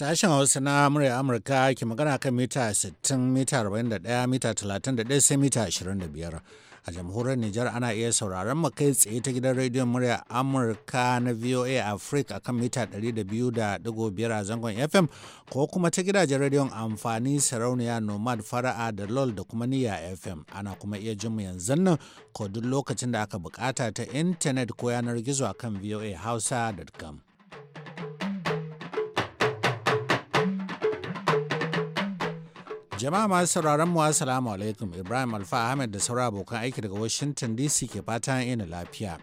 Sashen Hausa na murya Amurka ke magana kan mita 60, mita 41, mita 31 sai mita 25. A jamhuriyar Nijar ana iya sauraron mu kai tsaye ta gidan rediyon murya Amurka na VOA Africa a kan mita 200.5 a zangon FM ko kuma ta gidajen rediyon amfani sarauniya Nomad Fara'a da LOL da kuma Niyya FM. Ana kuma iya jin mu yanzu nan ko duk lokacin da aka bukata ta intanet ko yanar gizo a kan voahausa.com. Jama'a masu sauraron mu assalamu alaikum Ibrahim Alfa Ahmed da sauran abokan aiki daga Washington DC ke fatan ina lafiya.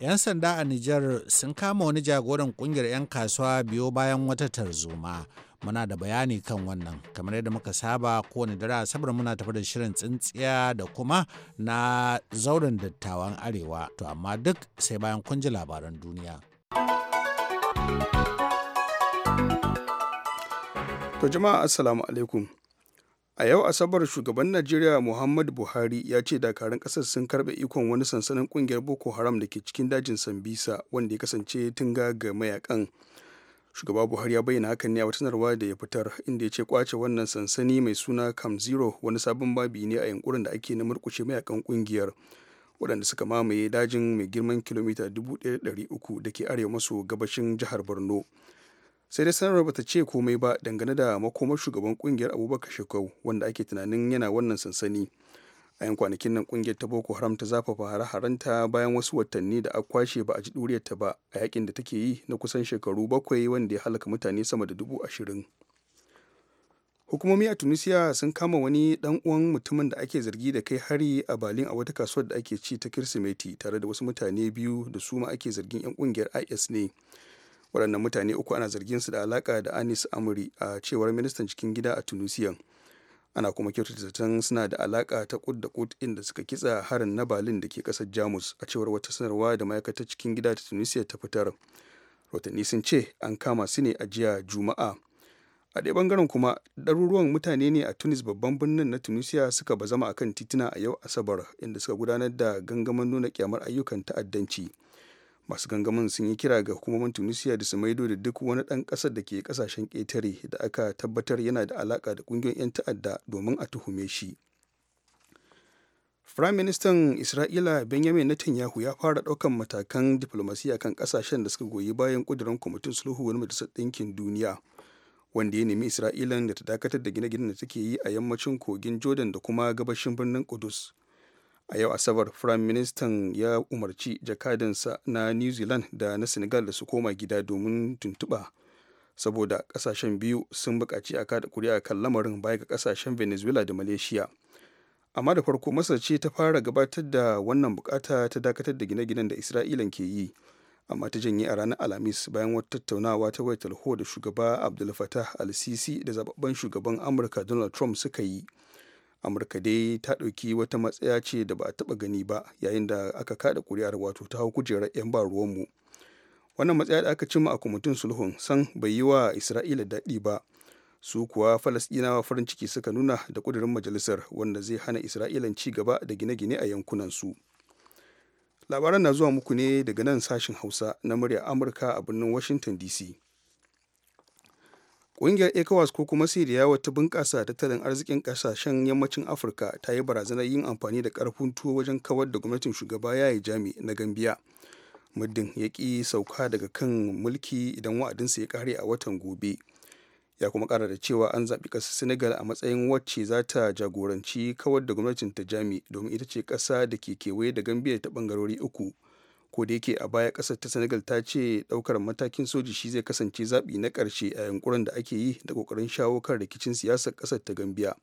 'Yan sanda a Nijar sun kama wani jagoran kungiyar 'yan kasuwa biyo bayan wata tarzoma. Muna da bayani kan wannan kamar yadda muka saba kowane dare sabar muna tafi da shirin tsintsiya da kuma na zauren dattawan arewa to amma duk sai bayan kunji labaran duniya. To jama'a assalamu alaikum. a yau asabar shugaban najeriya muhammadu buhari ya ce dakarun kasar sun karbe ikon wani sansanin kungiyar boko haram da ke cikin dajin sambisa wanda ya kasance tunga ga mayakan shugaba buhari ya bayyana hakan ne a sanarwa da ya fitar inda ya ce kwace wannan sansani mai suna cam zero wani sabon babi ne a yankunan da ake na murkushe mayakan kungiyar waɗanda suka mamaye dajin mai girman kilomita 1300 da ke arewa maso gabashin jihar borno sai dai sanarwar bata ce komai ba dangane da makomar shugaban kungiyar abubakar shekau wanda ake tunanin yana wannan sansani a yan kwanakin nan kungiyar ta boko haram ta zafafa hare-harenta bayan wasu watanni da aka kwashe ba a ji ɗuriyarta ba a yakin da take yi na kusan shekaru bakwai wanda ya halaka mutane sama da dubu ashirin hukumomi a tunisia sun kama wani dan uwan mutumin da ake zargi da kai hari a balin a wata kasuwar da ake ci ta kirsimeti tare da wasu mutane biyu da su ma ake zargin 'yan kungiyar is ne waɗannan mutane uku ana zargin su da alaka da anis amuri a cewar ministan cikin gida a tunisiyan ana kuma kyautata zaton suna da alaka ta kud da kut inda suka kitsa harin na balin da ke ƙasar jamus a cewar wata sanarwa da ma'aikatar cikin gida ta tunisia ta fitar rotanni sun ce an kama su ne a jiya juma'a a ɗaya bangaren kuma ɗaruruwan mutane ne a tunis babban birnin na tunisia suka bazama akan tituna a yau asabar inda suka gudanar da gangaman nuna kyamar ayyukan ta'addanci masu gangamin sun yi kira ga hukumomin tunisia da su maido da duk wani ɗan ƙasar da ke ƙasashen ƙetare da aka tabbatar yana da alaƙa da ƙungiyoyin 'yan ta'adda domin a tuhume shi Firayim Ministan Isra'ila Benjamin Netanyahu ya fara ɗaukan matakan diflomasiya kan ƙasashen da suka goyi bayan ƙudurin kwamitin sulhu wani majalisar ɗinkin duniya wanda ya nemi Isra'ila da ta dakatar da gine-ginen da take yi a yammacin kogin Jordan da kuma gabashin birnin Kudus. a yau asabar firayim ministan ya umarci jakadansa na new zealand da na senegal da su koma gida domin tuntuɓa saboda kasashen biyu sun buƙaci a kada kuri'a kan lamarin baya ga kasashen venezuela da malaysia amma da farko masar ce ta fara gabatar da wannan bukata ta dakatar da gine-ginen da isra'ila ke yi amma ta janye a ranar alhamis bayan wata tattaunawa ta wayar talho da shugaba abdul fatah al-sisi da zababben shugaban amurka donald trump suka yi amurka dai ta ɗauki wata matsaya ce da ba a taɓa gani ba yayin da aka kada kuri'ar wato ta hau kujerar 'yan ba ruwanmu wannan matsaya da aka cimma a kwamitin sulhun san bai yi wa isra'ila daɗi ba su kuwa falasɗinawa farin ciki suka nuna da ƙudurin majalisar wanda zai hana isra'ilan ci gaba da gine-gine a yankunansu labaran na zuwa muku ne daga nan sashen hausa na murya amurka a birnin washington dc Ƙungiyar ECOWAS ko kuma Siriya wata bunƙasa tattalin arzikin ƙasashen yammacin Afirka ta yi barazanar yin amfani da ƙarfin tuwo wajen kawar da gwamnatin shugaba yi Jami na Gambiya. Muddin ya ƙi sauka daga kan mulki idan wa'adinsa ya ƙare a watan gobe. Ya kuma ƙara da cewa an zaɓi ƙasar Senegal a matsayin wacce za ta jagoranci kawar da gwamnatin ta Jami domin ita ce ƙasa da ke kewaye da Gambiya ta ɓangarori uku. ko da yake a baya kasar ta senegal ta ce daukar matakin soji shi zai kasance zaɓi na ƙarshe a yankuran da ake yi da ƙoƙarin shawo kan rikicin siyasar ƙasar ta gambiya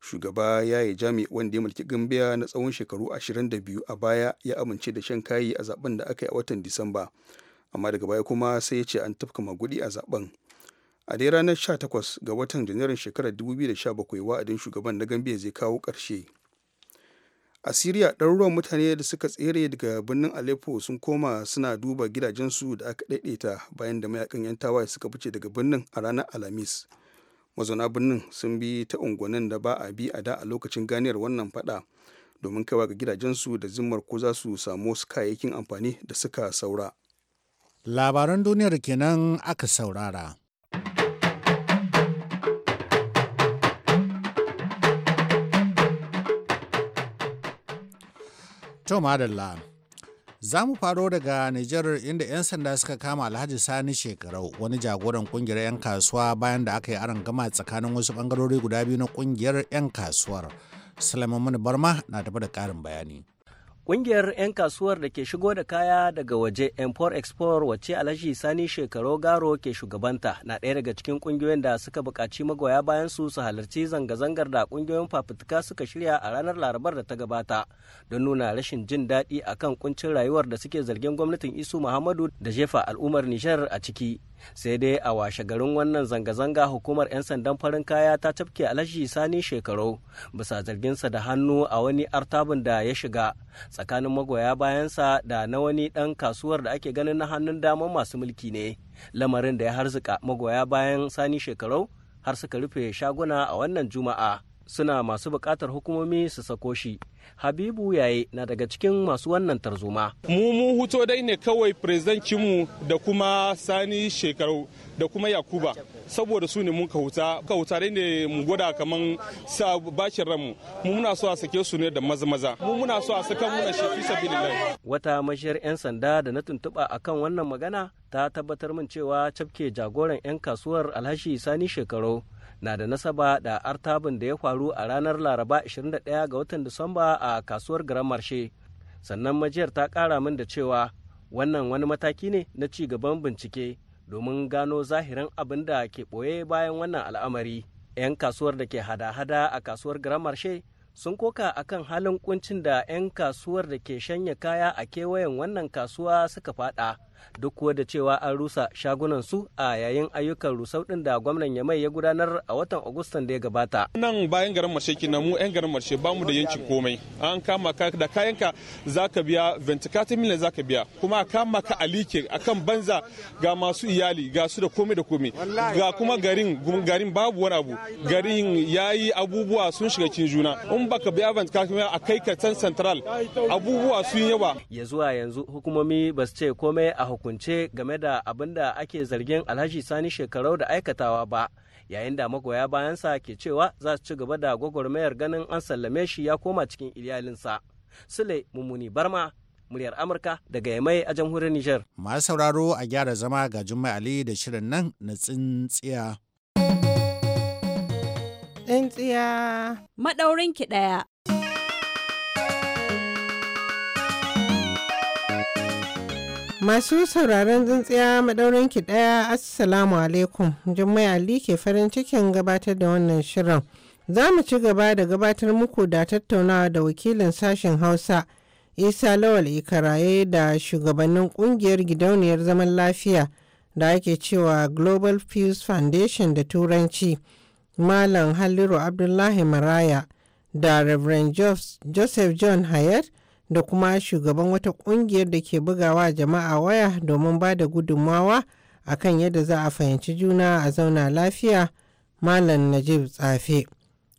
shugaba ya yi jami wanda ya mulki gambiya na tsawon shekaru 22 a baya ya amince da shan kayi a zaben da aka yi a watan disamba amma daga baya kuma sai ya ce an tafka magudi a zaben a dai ranar 18 ga watan janairun shekarar 2017 wa'adin shugaban na gambiya zai kawo ƙarshe a siriya ɗaruruwan mutane da suka tsere daga birnin aleppo sun koma suna duba gidajensu da aka daidaita bayan da mayakan yan tawaye suka fice daga birnin a ranar alhamis mazauna birnin sun bi ta unguwannin da ba a bi a da a lokacin ganiyar wannan fada domin kaiwa ga gidajensu da zimmar ko za su samu wasu kayayyakin amfani da suka saura labaran duniyar kenan aka saurara To madalla. Za mu faro daga Nijar inda 'yan sanda suka kama Alhaji Sani Shekarau wani jagoran kungiyar 'yan kasuwa bayan da aka yi aron gama tsakanin wasu bangarori guda biyu na kungiyar 'yan kasuwar. Sulaiman Barma na tafi da ƙarin bayani. Ƙungiyar 'yan kasuwar da ke shigo da kaya daga waje Empor Expo, wacce Alhaji Sani Shekaro Garo ke shugabanta na ɗaya daga cikin ƙungiyoyin da suka buƙaci magoya bayan su su halarci zanga-zangar da ƙungiyoyin fafutuka suka shirya a ranar Larabar da ta gabata don nuna rashin jin daɗi akan kuncin rayuwar da suke zargin gwamnatin Isu Muhammadu da jefa al'ummar Nijar a ciki. sai dai a washe garin wannan zanga-zanga hukumar 'yan sandan farin kaya ta tafke alhaji sani shekaru bisa zarginsa da hannu a wani artabin da ya shiga tsakanin magoya bayansa da na wani ɗan kasuwar da ake ganin na hannun daman masu mulki ne lamarin da ya harzika magoya bayan sani shekaru har suka rufe shaguna a wannan juma'a suna masu buƙatar hukumomi su sako shi habibu yaye na daga cikin masu wannan tarzoma mu mu huto dai ne kawai mu da kuma sani shekaru da kuma yakuba saboda su ne mun huta muka huta dai ne mu gwada kaman sa bashin ranmu mu muna so a sake su ne da maza maza mu muna so a saka na shi fi sabilillah wata mashiyar yan sanda da na tuntuɓa akan wannan magana ta tabbatar min cewa cafke jagoran yan kasuwar alhashi sani shekaru na da nasaba da artabin da ya faru a ranar laraba 21 ga watan disamba a kasuwar garan marshe sannan majiyar ta kara min da cewa wannan wani mataki ne na ci gaban bincike domin gano zahirin abin da ke ɓoye bayan wannan al'amari 'yan kasuwar da ke hada-hada a kasuwar garan marshe sun koka akan halin kuncin da 'yan kasuwar da ke shanya kaya a kewayen wannan kasuwa suka fada duk da cewa an rusa shagunan su a yayin ayyukan rusau din da gwamnan Yamai ya gudanar a watan Agustan da ya gabata. Nan bayan garin Marshe kina mu 'yan garin Marshe ba mu da yanci komai. An kama ka da kayanka zaka biya 24 miliyan zaka biya kuma a kama ka alike akan banza ga masu iyali ga su da komai da komai ga kuma garin garin babu wani abu garin yayi abubuwa sun shiga cikin juna in baka biya 24 miliyan a kai ka can central abubuwa sun yawa. Ya zuwa yanzu hukumomi ba su ce komai a hukunce game da abin da ake zargin alhaji sani shekarau da aikatawa ba yayin da magoya bayansa ke cewa za su ci gaba da gwagwarmayar ganin an sallame shi ya koma cikin iyalinsa sule mummuni barma muryar amurka daga yamai a jamhuriyar niger masu sauraro a gyara zama ga jummai ali da shirin nan na tsintsiya tsintsiya maɗaurinki ɗaya Masu sauraron tsintsiya maɗaurin ki ɗaya Assalamu alaikum Jummai Ali ke farin cikin gabatar da wannan shirin. Za mu ci gaba da gabatar muku da tattaunawa da wakilin sashen Hausa Isa Lawal Ikaraye da shugabannin ƙungiyar gidauniyar zaman lafiya da ake cewa Global Peace Foundation da Turanci, Malam Halliru Abdullahi Maraya da Reverend Joseph John Hayat da kuma shugaban wata kungiyar da ke bugawa jama'a waya domin ba da gudunmawa a kan yadda za a fahimci juna a zauna lafiya malam najib tsafe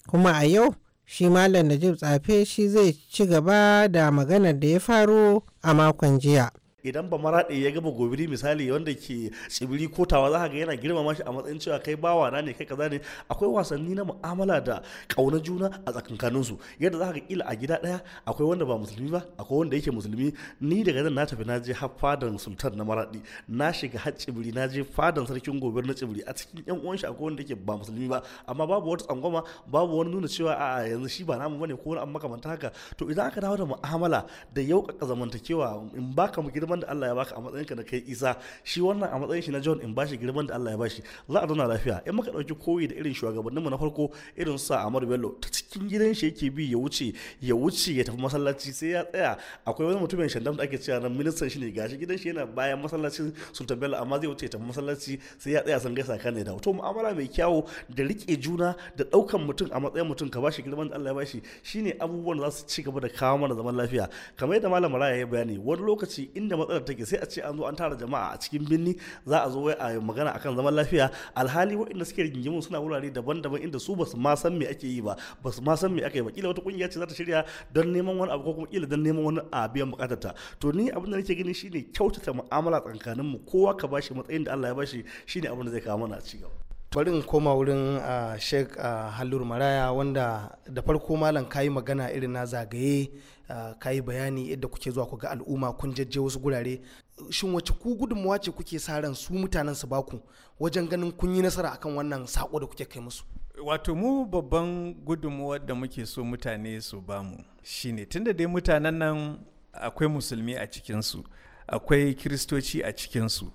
kuma a yau shi malam najib tsafe shi zai ci gaba da maganar da ya faru a makon jiya. idan ba maraɗe ya gaba gobiri misali wanda ke tsibiri ko tawa za ga yana girmama shi a matsayin cewa kai bawa na ne kai kaza ne akwai wasanni na mu'amala da ƙauna juna a tsakankanin su yadda za ka kila a gida ɗaya akwai wanda ba musulmi ba akwai wanda yake musulmi ni daga nan na tafi na je har fadan sultan na maraɗi na shiga har tsibiri na je fadan sarkin gobir na tsibiri a cikin yan uwan shi akwai wanda yake ba musulmi ba amma babu wata tsangwama babu wani nuna cewa a yanzu shi ba namu bane ko wani an makamanta haka to idan aka dawo da mu'amala da ka zamantakewa in baka mu girma girman da Allah ya baka a matsayin ka da kai Isa shi wannan a matsayin shi na John in bashi girman da Allah ya bashi za a zauna lafiya in muka dauki koyi da irin shugabanninmu na farko irin sa Amadu Bello ta cikin gidan shi yake bi ya wuce ya wuce ya tafi masallaci sai ya tsaya akwai wani mutumin shandam da ake cewa nan ministan shi ne gashi gidan shi yana bayan masallacin Sultan Bello amma zai wuce ya tafi masallaci sai ya tsaya san gaisa kan ne da to mu'amala mai kyawu da rike juna da daukan mutum a matsayin mutum ka bashi girman da Allah ya bashi shine abubuwan da za su ci gaba da kawo mana zaman lafiya kamar yadda malam Raya ya bayani wani lokaci inda matsalar take sai a ce an zo an tara jama'a a cikin birni za a zo wai a magana akan zaman lafiya alhali waɗanda suke rigingimu suna wurare daban-daban inda su basu ma san me ake yi ba basu ma san me ake yi ba kila wata kungiya ce za ta shirya don neman wani abu ko kuma kila don neman wani a biyan bukatar ta to ni abin da nake gani shine kyautata mu'amala tsakanin mu kowa ka bashi matsayin da Allah ya bashi shine abin da zai kawo mana ci gaba bari in koma wurin ah, sheik ah, halur maraya wanda da farko malam kayi magana irin na zagaye ah, kayi bayani yadda kuke zuwa ku ga al'umma kun jajje wasu gurare shin wace ku gudunmawa ce kuke sa ran su mutanen su baku wajen ganin kun yi nasara akan wannan sako da kuke kai musu wato mu babban gudunmawa da muke so mutane su bamu shine tunda dai mutanen nan akwai musulmi a cikinsu akwai kiristoci a cikinsu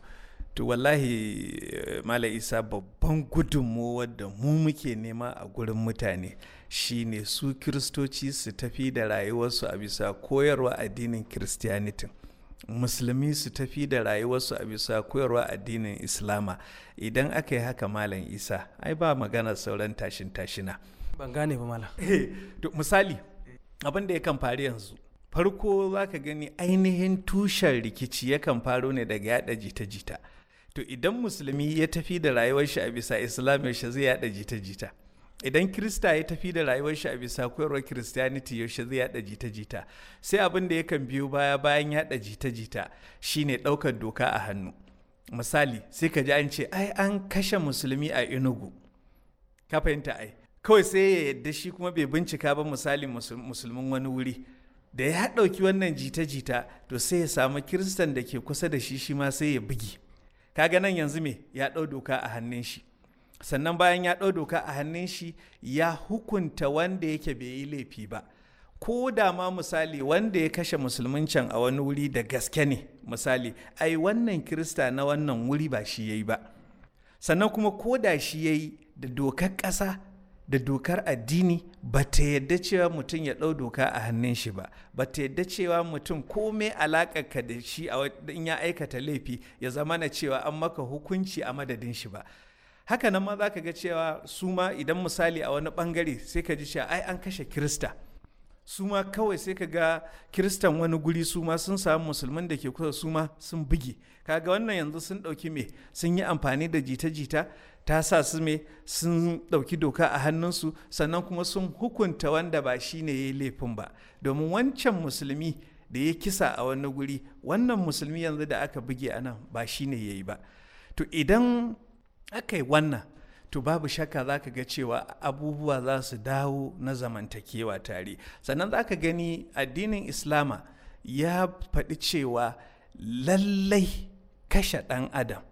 to wallahi malam isa babban gudunmowar da mu muke nema a gurin mutane shine su kiristoci su tafi da rayuwarsu a bisa koyarwa addinin kiristiyanitin musulmi su tafi da rayuwarsu a bisa koyarwa addinin islama idan aka yi haka malam isa ai ba magana sauran tashin tashina ban gane ba malam eh, misali abin da yakan faru yanzu farko za ka gani ainihin tushen rikici yakan faro ne daga yada jita-jita to idan musulmi ya tafi da rayuwar shi a bisa islam shi zai yada jita-jita idan krista ya tafi da rayuwar shi a bisa koyarwar christianity yaushe zai yada jita-jita sai abin da yakan biyo baya bayan yada jita-jita shine ɗaukar doka a hannu misali sai ka ji an ce ai an kashe musulmi a inugu ka fahimta ai kawai sai ya yadda shi kuma bai bincika ba misali musulmin wani wuri da ya ɗauki wannan jita-jita to sai ya samu kiristan da ke kusa da shi shi ma sai ya bugi kaga nan yanzu me ya ɗau doka a hannun shi sannan bayan ya ɗau doka a hannun shi ya hukunta wanda yake bai yi laifi ba ko da ma misali wanda ya kashe musulmin can a wani wuri da gaske ne misali ai wannan kirista na wannan wuri ba shi ya yi ba sannan kuma ko da shi ya yi da dokar ƙasa da dokar addini ba ta yadda cewa mutum ya ɗau doka a hannun shi ba ba ta yadda cewa mutum kome ka da shi in ya aikata laifi ya zama na cewa an maka hukunci a madadin shi ba haka nan ma za ka ga cewa su ma idan misali a wani ɓangare sai ka ji cewa ai an kashe kirista su ma kawai sai ka ga kiristan wani guri su ma sun samu musulman da ke kusa su ma sun bugi kaga wannan yanzu sun ɗauki me sun yi amfani da jita-jita ta sa su me sun ɗauki doka a hannunsu sannan kuma sun hukunta wanda ba shi ne ya yi laifin ba domin wancan musulmi da ya kisa a wani guri wannan musulmi yanzu da aka buge a nan ba shi ne ya yi ba to idan aka yi wannan to babu shakka za ka ga cewa abubuwa za su dawo na zamantakewa tare sannan za ka gani addinin islama ya faɗi cewa lallai kashe ɗan adam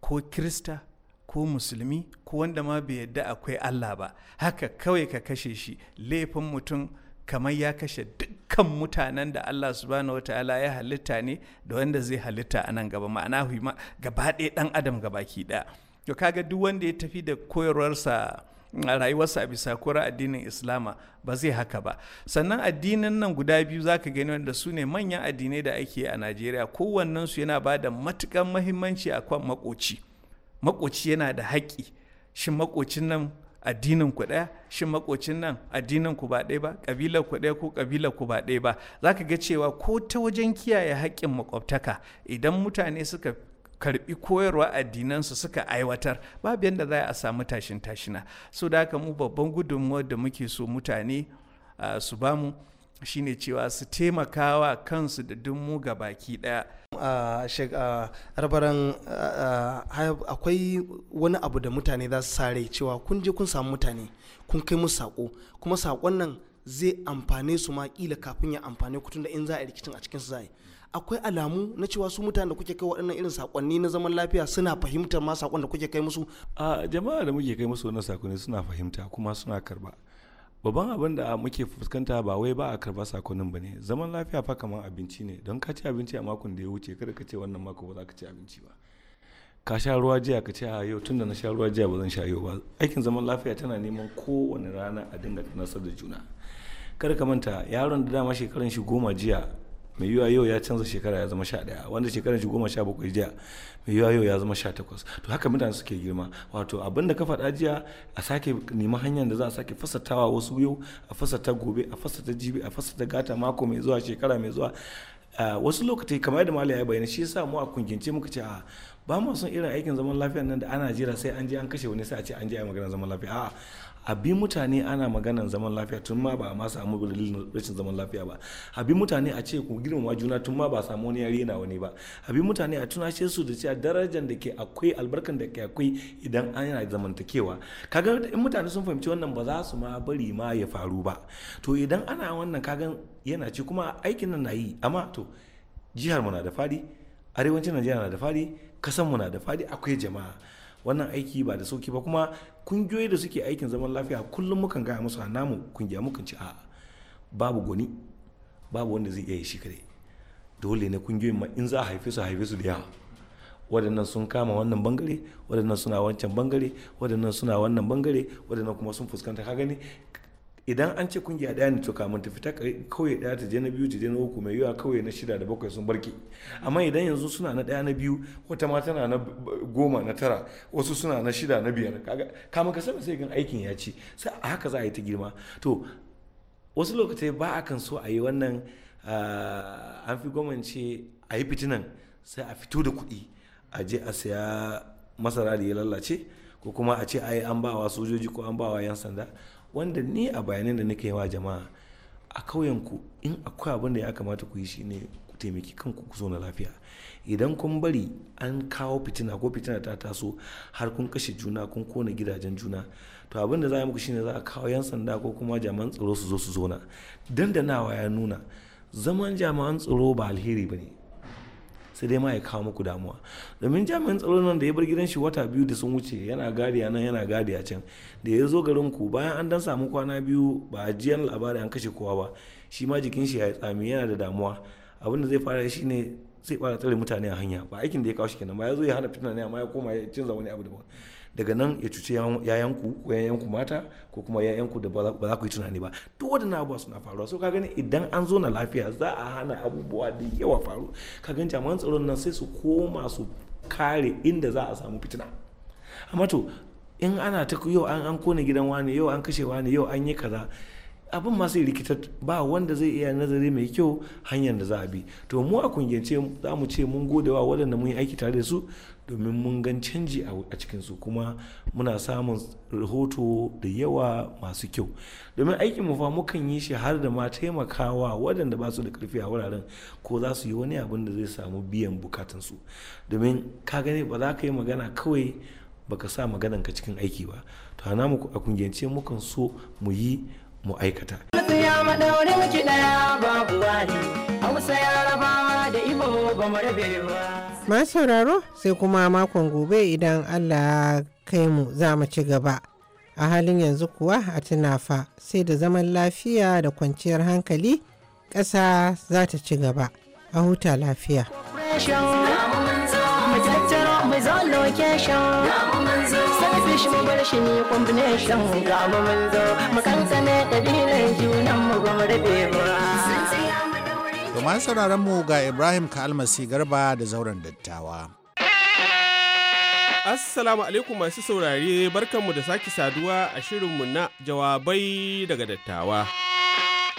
ko kirista ko musulmi ko wanda ma bai yadda akwai allah ba haka kawai ka kashe shi laifin mutum kamar ya kashe dukkan mutanen da Allah subhanahu wataala ya halitta ne da wanda zai halitta a nan gaba ma'ana gaba ɗaya ɗan adam gabaki ɗaya to kaga duk wanda ya tafi da koyarwarsa mm, rayuwarsa a bisa kura addinin islama ba zai haka ba sannan addinin nan guda biyu za ka gani wanda su ne manyan addinai da ake a najeriya su yana ba da matukan mahimmanci a kan makoci makoci yana da haƙƙi shi makocin nan addinin ku ɗaya shi makocin nan addinin ku ba ɗaya ba ƙabilar ku ɗaya ko ƙabilar ku ba ɗaya ba za ka ga cewa ko ta wajen kiyaye haƙƙin makwabtaka idan mutane suka karbi koyarwa addinansu suka aiwatar babu yadda za a samu tashin tashina so da haka mu babban gudunmuwar da muke so mutane su ba bamu shine cewa su taimakawa kansu da dummu ga baki daya rabaran akwai wani abu da mutane za su sare cewa kun je kun samu mutane kun kai musu sako kuma sakon nan zai amfane su ma kila kafin ya amfane ku tunda in za a rikicin a cikin su za a yi akwai alamu na cewa su mutane da kuke kai waɗannan irin sakonni na zaman lafiya suna fahimtar ma sakon da kuke kai musu a jama'a da muke kai musu wannan sakonni suna fahimta kuma suna karba babban abin da muke fuskanta ba wai ba a karba sakonnin ba ne zaman lafiya fa kamar abinci ne don ka ci abinci a makon da ya wuce kada ka ce wannan mako ba za ka ci abinci ba ka sha ruwa jiya ka ce a yau tun da na sha ruwa jiya ba zan sha yau ba aikin zaman lafiya tana neman kowane rana a dinga tunasar da juna kada ka manta yaron da dama shekaran shi goma jiya mai yiwuwa yau ya canza shekara ya zama sha ɗaya wanda shekara shi goma sha bakwai jiya mai yiwuwa yau ya zama sha takwas to haka mutane suke girma wato abin da ka faɗa jiya a sake nemi hanyar da za a sake fasatawa wasu yau a fasata gobe a fasata jibi a fasata gata mako mai zuwa shekara mai zuwa wasu lokaci kamar yadda malaya ya bayyana shi yasa mu a kungince muka ce a ba mu son irin aikin zaman lafiya nan da ana jira sai an je an kashe wani sai a ce an je a magana zaman lafiya a'a a mutane ana maganan zaman lafiya tun ma ba ma samu rashin zaman lafiya ba a bi mutane a ce ku girmama juna tun ma ba samu wani yare na wani ba a mutane a tunashe su da cewa darajar da ke akwai albarkar da ke akwai idan an yana zamantakewa kaga in mutane sun fahimci wannan ba za su ma bari ma ya faru ba to idan ana wannan kaga yana ce kuma aikin nan na yi amma to jihar mu na da fadi arewacin najeriya na da fadi kasan mu na da fadi akwai jama'a wannan aiki ba da sauki ba kuma kungiyoyi da suke aikin zaman lafiya kullum mukan gaya musu a namu kungiya mukan ci a'a babu gwani babu wanda zai iya shi kare dole ne kungiyoyin ma in za a haife su haife su da yawa waɗannan sun kama wannan bangare waɗannan suna wancan bangare waɗannan suna wannan bangare waɗannan kuma sun fuskanta ka gani idan an ce kungiya daya ne to kamun ta fita kauye daya ta je na biyu ta je na uku mai yiwuwa kauye na shida da bakwai sun barke amma idan yanzu suna na daya na biyu wata ma tana na goma na tara wasu suna na shida na biyar kaga kama ka sani sai gan aikin ya ci sai a haka za a yi ta girma to wasu lokacin ba a kan so a yi wannan ah, an fi gwamnati a yi fitinan sai a fito da kuɗi a je a saya masara da ya lalace ko kuma a ce ai an ba wa sojoji ko an ba wa yan sanda wanda ni a bayanan da nake wa jama'a a ƙauyenku in akwai abin da ya kamata ku yi shi ne ku taimaki kanku ku zo na lafiya idan kun bari an kawo fitina ko fitina ta taso har kun kashe juna kun kona gidajen juna to abin da za a muku shine za a kawo yan sanda ko kuma jami'an tsaro su zo su zona dandanawa ya nuna zaman jami'an tsaro ba alheri ba ne sai dai ma ya kawo muku damuwa domin jami'in tsaro nan da ya bar gidan shi wata biyu da sun wuce yana gadi nan yana gadi a can da ya zo garin ku bayan an dan samu kwana biyu ba a jiyan labarin an kashe kowa ba shi ma jikin shi ya tsami yana da damuwa abin da zai fara shi ne sai fara tsare mutane a hanya ba aikin da ya kawo shi kenan ba ya zo ya hana fitina ne amma ya koma ya canza wani abu daban daga nan ya cuci yayanku ko yayanku mata ko kuma yayanku da ba za ku yi tunani ba duk waɗannan abubuwa suna faruwa so ka gani idan an zo na lafiya za a hana abubuwa da yawa faru ka gan jami'an tsaron nan sai su koma su kare inda za a samu fitina amma to in ana ta yau an kone gidan wani yau an kashe wani yau an yi kaza abin masu likita rikitar ba wanda zai iya nazari mai kyau hanyar da za a bi to mu a kungiyance za mu ce mun gode wa waɗanda mun yi aiki tare da su domin mun gan canji a cikinsu kuma muna samun rahoto da yawa masu kyau domin aikin mu fa mukan yi shi har da ma taimakawa waɗanda ba su da karfi a wuraren ko za su yi wani abin da zai samu biyan bukatansu domin ka gane ba za ka yi magana kawai baka sa maganan ka cikin aiki ba to a kungiyance mukan so mu yi mu aikata. Ma sauraro sai kuma makon gobe idan Allah kai mu za mu ci gaba. A halin yanzu kuwa a tunafa sai da zaman lafiya da kwanciyar hankali ƙasa za ta ci gaba. A huta lafiya. mu shi mu bar shi ni combination ga mu mun zo mu kansane kabilan junan mu ba mu rabe ba domin sauraron mu ga Ibrahim ka almasi garba da zauren dattawa Assalamu alaikum masu saurare barkanmu da sake saduwa a shirinmu na jawabai daga dattawa.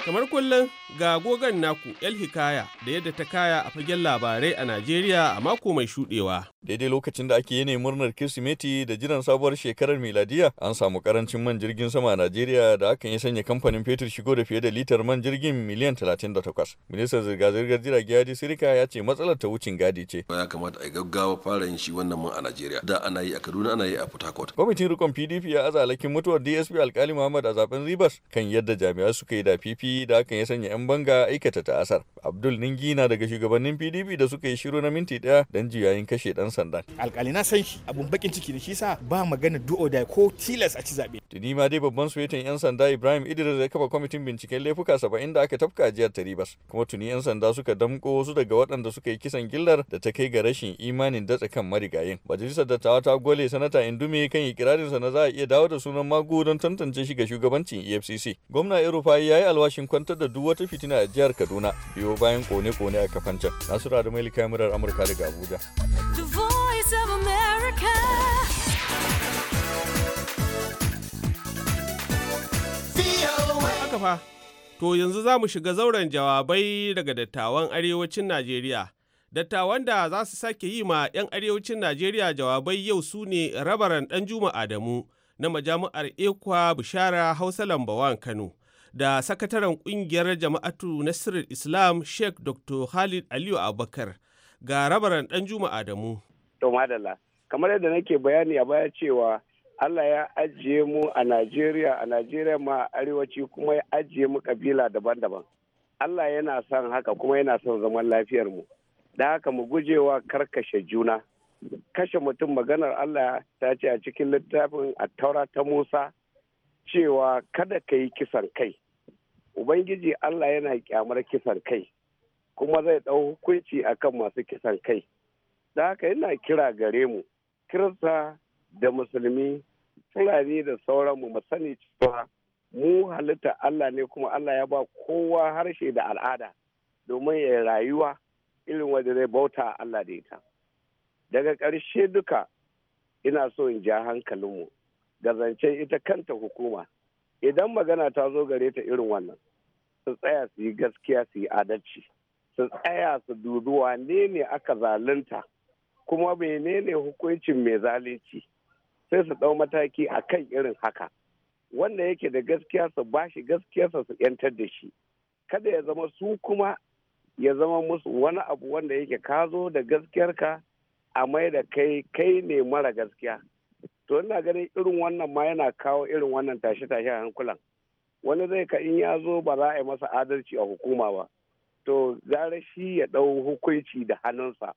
Kamar kullum ga gogan naku El Hikaya da yadda ta kaya a fagen labarai a Najeriya a mako mai shudewa. Daidai lokacin da ake yi ne murnar Kirsimeti da jiran sabuwar shekarar miladiya an samu karancin man jirgin sama a Najeriya da hakan ya sanya kamfanin fetur shigo da fiye da litar man jirgin miliyan 38. Ministan zirga-zirgar jirage Yadi Sirika ya ce matsalar ta wucin gadi ce. Ya kamata a gaggawa fara yin shi wannan man a Najeriya. Da ana yi a Kaduna ana yi a Port Harcourt. Kwamitin rikon PDP ya azalakin mutuwar DSP Alkali Muhammad a zaben Rivers kan yadda jami'ai suka yi da fifi e da hakan ya sanya banga aikata ta'asar. Abdul Ningi na daga shugabannin PDP da suka yi shiru na minti daya don juyayin kashe dan sandan. alkali na san shi abun bakin ciki da shi sa ba magana du'o da ko tilas a ci zabe Tuni ma dai babban suwetan 'yan sanda Ibrahim Idris ya kafa kwamitin binciken laifuka saba'in da aka tafka ajiyar ribas Kuma tuni 'yan sanda suka damko wasu daga waɗanda suka yi kisan gillar da ta kai ga rashin imanin datse kan marigayin. Majalisar dattawa ta gole sanata Indume kan sa na za a iya dawo da sunan Magu don tantance shi ga shugabancin EFCC. Gwamna irufa ya yi alwashin kwantar da duk wata sun fitina a jihar Kaduna biyo bayan kone-kone a kafancan. Nasiru da Maili Amurka daga Abuja. to yanzu za mu shiga zauren jawabai daga dattawan arewacin Najeriya. Dattawan da za su sake yi ma 'yan arewacin Najeriya jawabai yau su ne rabaran Danjuma Adamu na majami'ar Ekwa Bishara Hausa Lambawan Kano. da sakataren kungiyar jama'atu na sirrin islam sheikh dr khalid aliyu abubakar ga rabaran dan juma'a adamu to madalla kamar yadda nake bayani a baya cewa allah ya ajiye mu a najeriya a najeriya ma arewaci kuma ya ajiye mu kabila daban-daban allah yana son haka kuma yana son zaman lafiyar mu da haka mu gujewa karkashe juna kashe mutum maganar allah ta ce a cikin littafin attaura ta musa cewa kada ka yi kisan kai ubangiji allah yana kyamar kisan kai kuma zai ɗau hukunci akan masu kisan kai da haka yana kira gare mu kirista da musulmi fulani da sauran mu sani cewa mu halitta allah ne kuma allah ya ba kowa harshe da al'ada domin ya rayuwa irin wanda zai bauta allah da ita daga ƙarshe duka ina so in ja hankalinmu ga zancen ita kanta hukuma idan magana ta zo gare ta irin wannan su tsaya su yi gaskiya su yi adalci su tsaya su dubi wane ne aka zalunta kuma menene hukuncin mai zalunci sai su ɗau mataki a kan irin haka wanda yake da gaskiya su bashi shi su yantar da shi kada ya zama su kuma ya zama musu wani abu wanda yake ka zo da gaskiyarka a mai da kai kai ne mara gaskiya to ina ganin irin wannan ma yana kawo irin wannan tashe-tashe a hankulan wani zai ka in ya zo ba za a yi masa adalci a hukuma ba to gara shi ya ɗau hukunci da hannunsa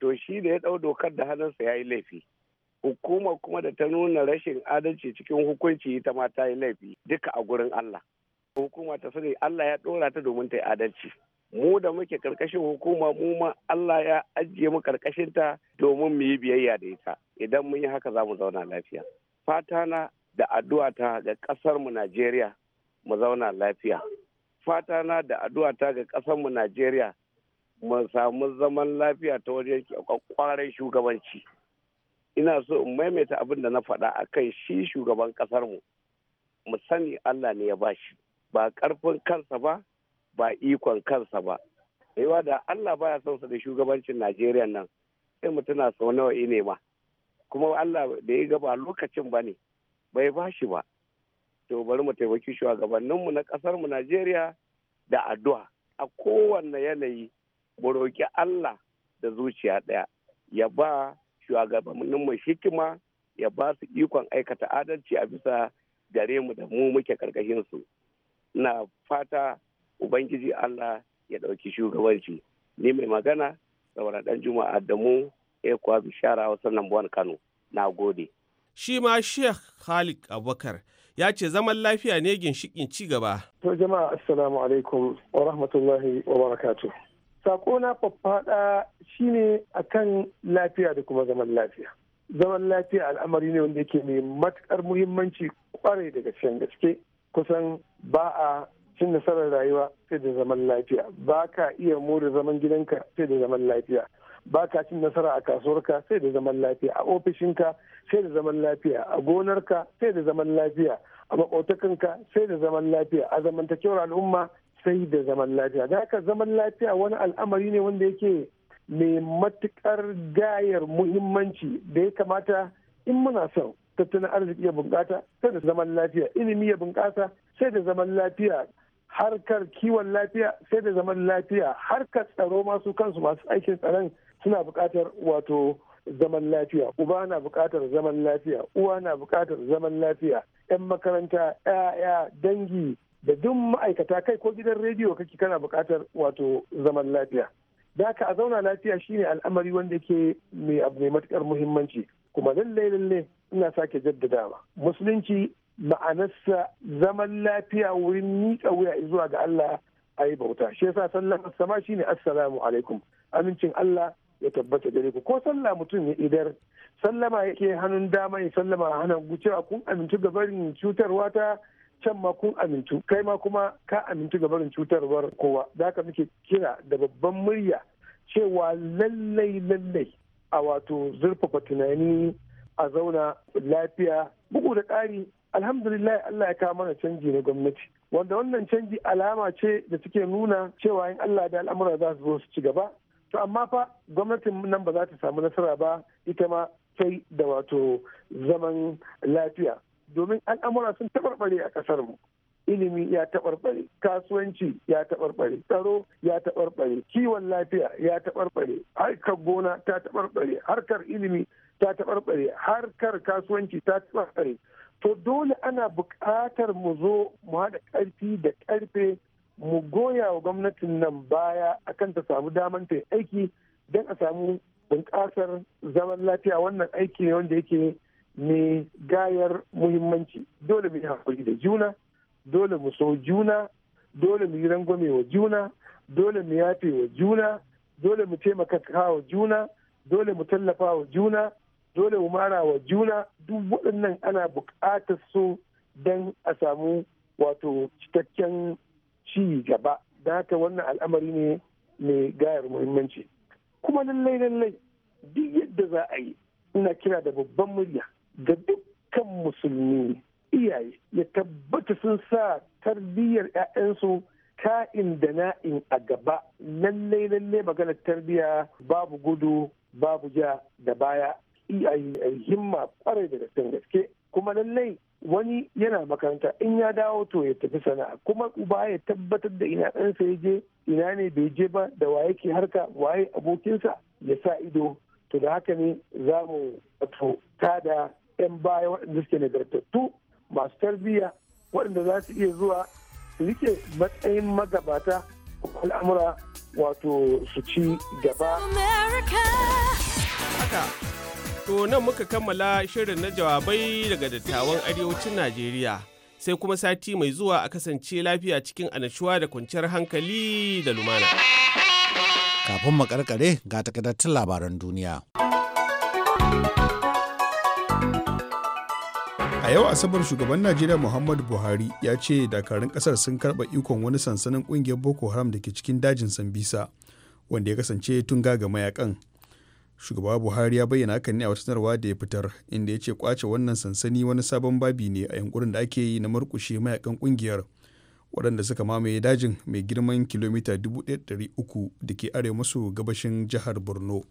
to shi da ya ɗau dokar da hannunsa ya yi laifi hukuma kuma da ta nuna rashin adalci cikin hukunci ita ma ta yi laifi duka a gurin Allah hukuma ta sani Allah ya ɗora ta domin ta yi adalci mu da muke karkashin hukuma mu ma Allah ya ajiye mu karkashin ta domin mu yi biyayya da ita idan mun yi haka za mu zauna lafiya fata na da addu'a ta ga kasar mu Najeriya mu zauna lafiya fata na da addu'a ta ga kasar mu Najeriya mu samu zaman lafiya ta wajen kwakwaren shugabanci ina so in maimaita abin da na faɗa akan shi shugaban kasar mu mu sani Allah ne ya bashi ba ƙarfin kansa ba ba ikon kansa ba yawa da Allah baya son sa da shugabancin Najeriya nan sai mu tuna sau nawa ne ma kuma Allah da ya gaba lokacin ba ne bai ba shi ba to bari mu taimaki shugabanninmu na ƙasar mu Najeriya da addu'a a kowanne yanayi mu roƙi Allah da zuciya ɗaya ya ba shugabanninmu hikima ya ba su ikon aikata adalci a bisa gare mu da mu muke karkashin su na fata ubangiji allah ya ɗauki shugabanci ni mai magana saboda ɗan juma'a da mu ekwa bishara wasan lambuwan kano na gode shi ma sheikh khalid abubakar ya ce zaman lafiya ne ginshikin ci gaba to jama'a assalamu alaikum wa rahmatullahi wa barakatu. sako na faffaɗa shine akan lafiya da kuma zaman lafiya zaman lafiya al'amari ne wanda yake mai matuƙar muhimmanci kwarai daga gaske gaske kusan ba a cin nasarar rayuwa sai da zaman lafiya ba ka iya more zaman gidanka sai da zaman lafiya ba ka cin nasara a kasuwarka sai da zaman lafiya a ofishinka sai da zaman lafiya a gonarka sai da zaman lafiya a makwautakanka sai da zaman lafiya a zamantakewar al'umma sai da zaman lafiya da haka zaman lafiya wani al'amari ne wanda yake mai matukar gayar muhimmanci da ya kamata in muna son tattalin arziki ya bunƙasa sai da zaman lafiya ilimi ya bunƙasa sai da zaman lafiya harkar kiwon lafiya sai da zaman lafiya harkar tsaro masu kansu masu aikin tsaron suna buƙatar wato zaman lafiya uba na buƙatar zaman lafiya uwa na buƙatar zaman lafiya 'yan makaranta 'ya'ya dangi da duk ma'aikata kai ko gidan rediyo kake kana buƙatar wato zaman lafiya da a zauna lafiya shine al'amari wanda ke mai abu mai matukar muhimmanci kuma lallai lallai ina sake jaddadawa musulunci ma'anarsa zaman lafiya wurin miƙa wuya zuwa ga Allah a yi bauta shi yasa sallar sama shine assalamu alaikum amincin Allah ya tabbata gare ku ko sallah mutum ya idar sallama yake hannun dama ya sallama hannun gucewa kun amintu ga barin cutarwa ta can ma kun amintu kai ma kuma ka amintu ga barin cutarwar kowa da haka muke kira da babban murya cewa lallai lallai a wato zurfafa tunani a zauna lafiya bugu da ƙari alhamdulillah Allah ya kawo mana canji na gwamnati wanda wannan canji alama ce da suke nuna cewa in Allah da al'amura za su zo su ci gaba to amma fa gwamnatin nan ba za ta samu nasara ba ita ma sai da wato zaman lafiya domin al'amura sun taɓarɓare a ƙasar mu ilimi ya taɓarɓare kasuwanci ya taɓarɓare tsaro ya taɓarɓare kiwon lafiya ya taɓarɓare harkar gona ta taɓarɓare harkar ilimi ta taɓarɓare harkar kasuwanci ta taɓarɓare to dole ana buƙatar mu zo mu haɗa ƙarfi da ƙarfe mu goya wa gwamnatin nan baya akan ta samu damar ta aiki don a samu bunƙasar zaman lafiya wannan aiki ne wanda yake mai gayar muhimmanci dole mu yi haƙuri da juna dole mu so juna dole mu yi rangwame wa juna dole mu yafe wa juna dole mu taimaka wa juna dole mu tallafa wa juna dole mu mara wa juna duk waɗannan ana buƙatar su don a samu wato cikakken ci gaba da haka wannan al'amari ne mai gayar muhimmanci kuma lallai lallai duk yadda za a yi ina kira da babban murya ga dukkan musulmi iyaye ya tabbata sun sa tarbiyyar 'ya'yansu ka'in da na'in a gaba lallai lallai maganar tarbiyya babu gudu babu ja da baya a himma kwarai da gaske gaske kuma lallai wani yana makaranta in ya dawo to ya tafi sana'a kuma ba ya tabbatar da ina ɗansa ya je ina ne bai je ba da waye ke harka waye abokinsa ya sa ido to da haka ne za mu wato kada 'yan baya waɗanda suke nagartattu masu tarbiyya waɗanda za su iya zuwa su rike matsayin magabata al'amura wato su ci gaba. To nan muka kammala shirin na jawabai daga dattawan arewacin Najeriya. Sai kuma sati mai zuwa a kasance lafiya cikin anashuwa da kwanciyar hankali da lumana. Kafin makarkare ga takardattun labaran duniya. A yau Asabar shugaban Najeriya Muhammadu Buhari ya ce dakarun kasar sun karɓa ikon wani sansanin ƙungiyar Boko Haram da ke cikin dajin Sambisa, wanda ya kasance tun ga mayakan. shugaba buhari ya bayyana hakan ne a wata sanarwa da ya fitar inda ya ce kwace wannan sansani wani sabon babi ne a yankunan da ake yi na murkushe mayakan kungiyar waɗanda suka mamaye dajin mai girman kilomita 1,300 da ke arewa maso gabashin jihar borno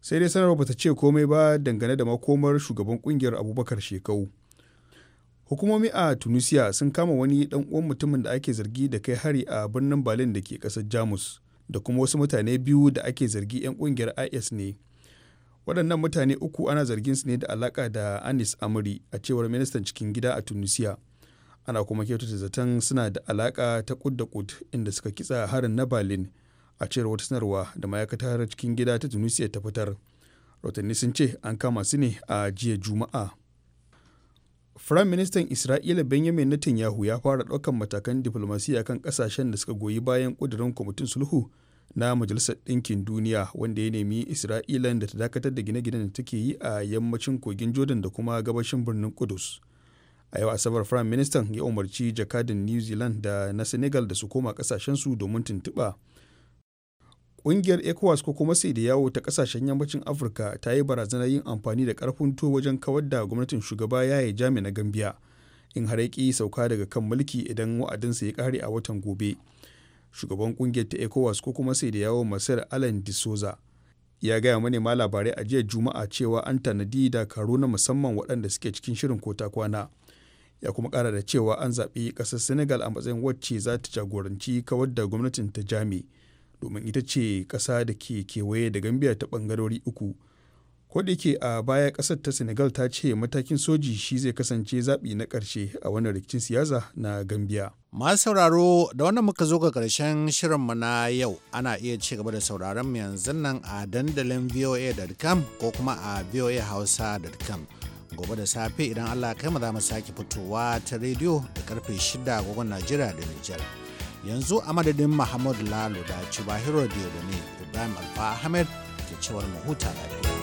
sai dai sanarwa bata ce komai ba dangane da makomar shugaban kungiyar abubakar shekau hukumomi a tunisia sun kama wani dan uwan mutumin da ake zargi da kai hari a birnin berlin da ke kasar jamus da kuma wasu mutane biyu da ake zargi 'yan kungiyar is ne waɗannan mutane uku ana zargin su ne da alaƙa da anis amuri a cewar ministan cikin gida a tunisia ana kuma kyautata zaton suna da alaƙa ta kud da kud inda suka kitsa harin na berlin a cewar wata sanarwa da ma'aikatar cikin gida ta tunisia ta fitar watanni sun ce an kama su ne a jiya juma'a firam-ministan Isra'ila Benjamin Netanyahu ya fara ɗaukar matakan diflomasiyya kan ƙasashen da suka goyi bayan ƙudurin kwamitin sulhu na Majalisar Ɗinkin Duniya wanda ya nemi Isra'ila da ta dakatar da gine-ginen da take yi a yammacin kogin Jordan da kuma gabashin birnin Kudus. A yau Asabar Firayim Ministan ya umarci jakadin New Zealand da na Senegal da su koma ƙasashensu domin tuntuɓa. Ƙungiyar ECOWAS ko kuma sai da yawo ta ƙasashen yammacin Afirka ta yi barazanar yin amfani da ƙarfin to wajen kawar da gwamnatin shugaba Yaya Jami na Gambiya in har ya sauka daga kan mulki idan wa'adinsa ya ƙare a watan gobe. Shugaban ƙungiyar ta ECOWAS ko kuma sai da yawo Masar Alan de Souza ya gaya ma labarai a jiya Juma'a cewa an tanadi dakaru na musamman waɗanda suke cikin shirin kota kwana. ya kuma kara da cewa an zaɓi ƙasar senegal a matsayin wacce za ta jagoranci kawar da gwamnatin ta jami'a. domin ita ce ƙasa da ke kewaye da gambia ta bangarori uku kodayake a baya ƙasar ta senegal ta ce matakin soji shi zai kasance zaɓi na karshe a wannan rikicin siyasa na gambia masu sauraro da wannan muka zo ga karshen shirin mu na yau ana iya ci gaba da sauraron mu yanzu nan a dandalin voa.com ko kuma a voahausa.com gobe da safe idan allah kai mu za mu sake fitowa ta rediyo da karfe 6 gogon najeriya da nijar yanzu a madadin Muhammadu Lalo da Cibahiro ne Ibrahim Alfa Ahmed ke cewar mu huta lafiya.